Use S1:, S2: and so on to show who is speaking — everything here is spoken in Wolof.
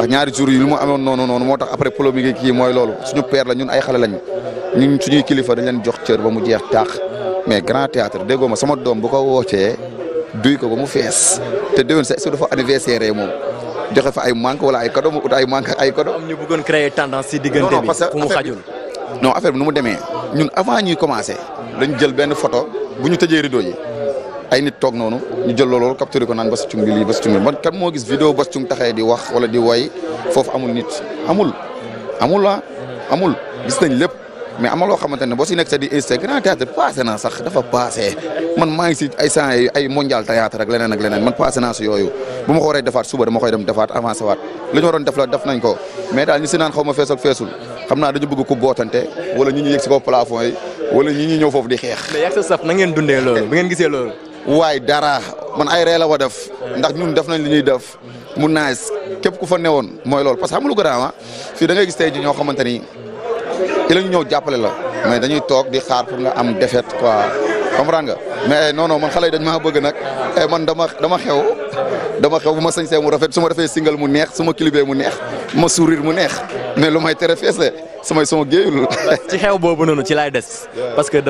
S1: ndax ñaari jours yi lu mu amoon noonu noonu moo tax après polémique kii mooy loolu suñu père la ay xale lañ ñun suñuy kilifa jox cër ba mu jeex taax mais grand théâtre déggoo ma sama doom bu ko wootee duy ko ba mu fees te déwén sax dafa anniversaire moom joxe fa ay manque wala ay cadeau mu ut ay manque ay cadeau. am ñu bëggoon créer tendance ci diggante bi fu mu xajul non affaire bi nu mu demee ñun avant ñuy commencé lañ jël benn photo bu ñu tëjee rideau yi. ay nit toog noonu ñu jël loolu capturé ko naan Bass Thioung bi lii Bass Thioung man kan moo gis vidéo Bass Thioung taxee di wax wala di woy foofu amul nit amul amul ah amul gis nañ lépp mais ama loo xamante ne boo si nekk sa di insté grand théâtre passé naa sax dafa passé man maa ngi ay sant ay mondial théâtre rek leneen ak man passé naa si yooyu bu ma ko defaat suba dama koy dem defaat avancé waat li ñu waroon def la def nañ ko mais daal ñi naa dañu bëgg ko bootante wala foofu di xeex. na ngeen dundee loolu ngeen gisee loolu. waay dara man ay ree la def ndax ñun def nañ li ñuy def mu naaj képp ku fa ne woon mooy loolu parce que xam nga lu garaaw ah. fii dangay ngay gis tey ji ñoo xamante ni ki la ñëw jàppale la mais dañuy toog di xaar pour nga am défaite quoi comprendre nga mais eh, non non man xale dañ maa bëgg nag eh, man dama dama xew dama xew bu ma see mu rafet su ma defee single mu neex suma ma kilibee mu neex ma sourire mu neex mais lu may tere fees la samay sama géeyul ci xew boobu noonu ci laay des